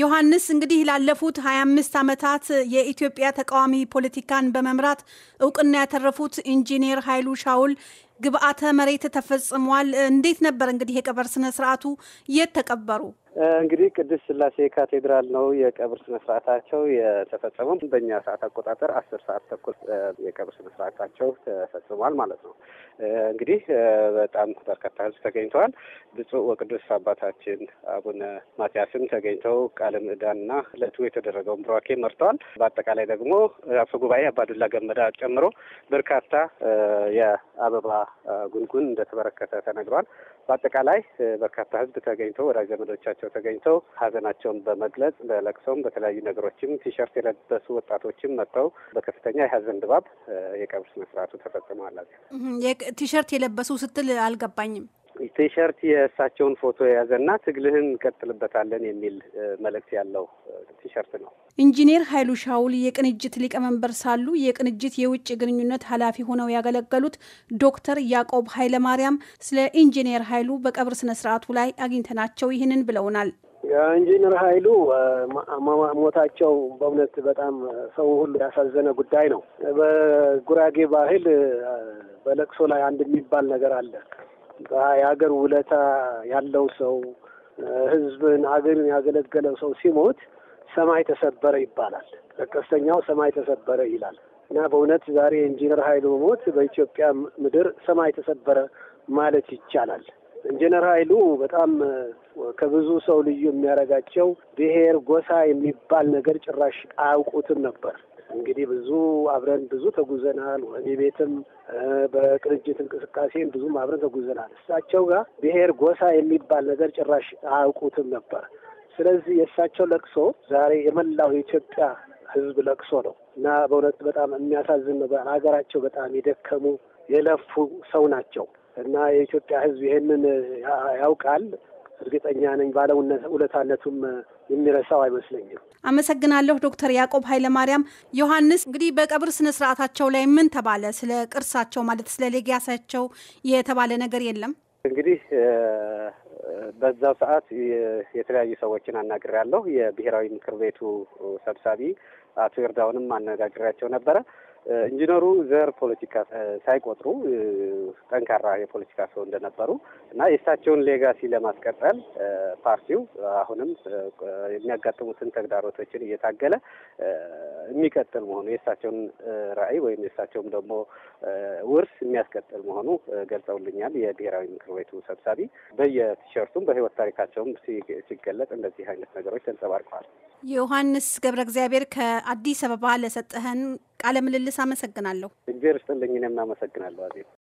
ዮሐንስ እንግዲህ ላለፉት 25 ዓመታት የኢትዮጵያ ተቃዋሚ ፖለቲካን በመምራት እውቅና ያተረፉት ኢንጂነር ኃይሉ ሻውል ግብአተ መሬት ተፈጽሟል። እንዴት ነበር እንግዲህ የቀበር ስነ ስርዓቱ? የት ተቀበሩ? እንግዲህ ቅድስት ስላሴ ካቴድራል ነው የቀብር ስነስርዓታቸው የተፈጸመው። በእኛ ሰዓት አቆጣጠር አስር ሰዓት ተኩል የቀብር ስነስርዓታቸው ተፈጽሟል ማለት ነው። እንግዲህ በጣም በርካታ ሕዝብ ተገኝተዋል። ብፁዕ ወቅዱስ አባታችን አቡነ ማትያስም ተገኝተው ቃለ ምዕዳንና ዕለቱ የተደረገውን ብሯኬ መርተዋል። በአጠቃላይ ደግሞ አፈ ጉባኤ አባዱላ ገመዳ ጨምሮ በርካታ የአበባ ጉንጉን እንደተበረከተ ተነግሯል። በአጠቃላይ በርካታ ሕዝብ ተገኝተው ወዳጅ ዘመዶቻቸው በቦታቸው ተገኝተው ሀዘናቸውን በመግለጽ በለቅሶም በተለያዩ ነገሮችም ቲሸርት የለበሱ ወጣቶችም መጥተው በከፍተኛ የሀዘን ድባብ የቀብር ስነስርዓቱ ተፈጽመዋል። ቲሸርት የለበሱ ስትል አልገባኝም። ቲሸርት የእሳቸውን ፎቶ የያዘና ትግልህን እንቀጥልበታለን የሚል መልእክት ያለው ቲሸርት ነው። ኢንጂነር ኃይሉ ሻውል የቅንጅት ሊቀመንበር ሳሉ የቅንጅት የውጭ ግንኙነት ኃላፊ ሆነው ያገለገሉት ዶክተር ያዕቆብ ማርያም ስለ ኢንጂነር ኃይሉ በቀብር ስነ ስርዓቱ ላይ አግኝተናቸው ይህንን ብለውናል። ኢንጂነር ኃይሉ ሞታቸው በእውነት በጣም ሰው ሁሉ ያሳዘነ ጉዳይ ነው። በጉራጌ ባህል በለቅሶ ላይ አንድ የሚባል ነገር አለ። የሀገር ውለታ ያለው ሰው ህዝብን፣ ሀገርን ያገለገለው ሰው ሲሞት ሰማይ ተሰበረ ይባላል። ለቀስተኛው ሰማይ ተሰበረ ይላል እና በእውነት ዛሬ ኢንጂነር ኃይሉ ሞት በኢትዮጵያ ምድር ሰማይ ተሰበረ ማለት ይቻላል። ኢንጂነር ኃይሉ በጣም ከብዙ ሰው ልዩ የሚያደርጋቸው ብሔር፣ ጎሳ የሚባል ነገር ጭራሽ አያውቁትም ነበር። እንግዲህ ብዙ አብረን ብዙ ተጉዘናል። ወኔ ቤትም በቅንጅት እንቅስቃሴም ብዙም አብረን ተጉዘናል። እሳቸው ጋር ብሔር፣ ጎሳ የሚባል ነገር ጭራሽ አያውቁትም ነበር። ስለዚህ የእሳቸው ለቅሶ ዛሬ የመላው የኢትዮጵያ ሕዝብ ለቅሶ ነው እና በእውነት በጣም የሚያሳዝን ነው። ሀገራቸው በጣም የደከሙ የለፉ ሰው ናቸው እና የኢትዮጵያ ሕዝብ ይህንን ያውቃል። እርግጠኛ ነኝ ባለውነት ውለታነቱም የሚረሳው አይመስለኝም። አመሰግናለሁ ዶክተር ያዕቆብ ኃይለማርያም ዮሐንስ። እንግዲህ በቀብር ስነ ስርዓታቸው ላይ ምን ተባለ? ስለ ቅርሳቸው ማለት ስለ ሌጋሳቸው የተባለ ነገር የለም። እንግዲህ በዛው ሰዓት የተለያዩ ሰዎችን አናግሬያለሁ። የብሔራዊ ምክር ቤቱ ሰብሳቢ አቶ ይርዳውንም አነጋግሬያቸው ነበረ። ኢንጂነሩ ዘር ፖለቲካ ሳይቆጥሩ ጠንካራ የፖለቲካ ሰው እንደነበሩ እና የእሳቸውን ሌጋሲ ለማስቀጠል ፓርቲው አሁንም የሚያጋጥሙትን ተግዳሮቶችን እየታገለ የሚቀጥል መሆኑ የእሳቸውን ራዕይ ወይም የእሳቸውም ደግሞ ውርስ የሚያስቀጥል መሆኑ ገልጸውልኛል። የብሔራዊ ምክር ቤቱ ሰብሳቢ በየቲሸርቱም በህይወት ታሪካቸውም ሲገለጽ እንደዚህ አይነት ነገሮች ተንጸባርቀዋል። ዮሐንስ ገብረ እግዚአብሔር ከአዲስ አበባ ለሰጠህን ቃለ ምልልስ አመሰግናለሁ። እግዜር ስጥልኝ። እኔም አመሰግናለሁ አዜብ።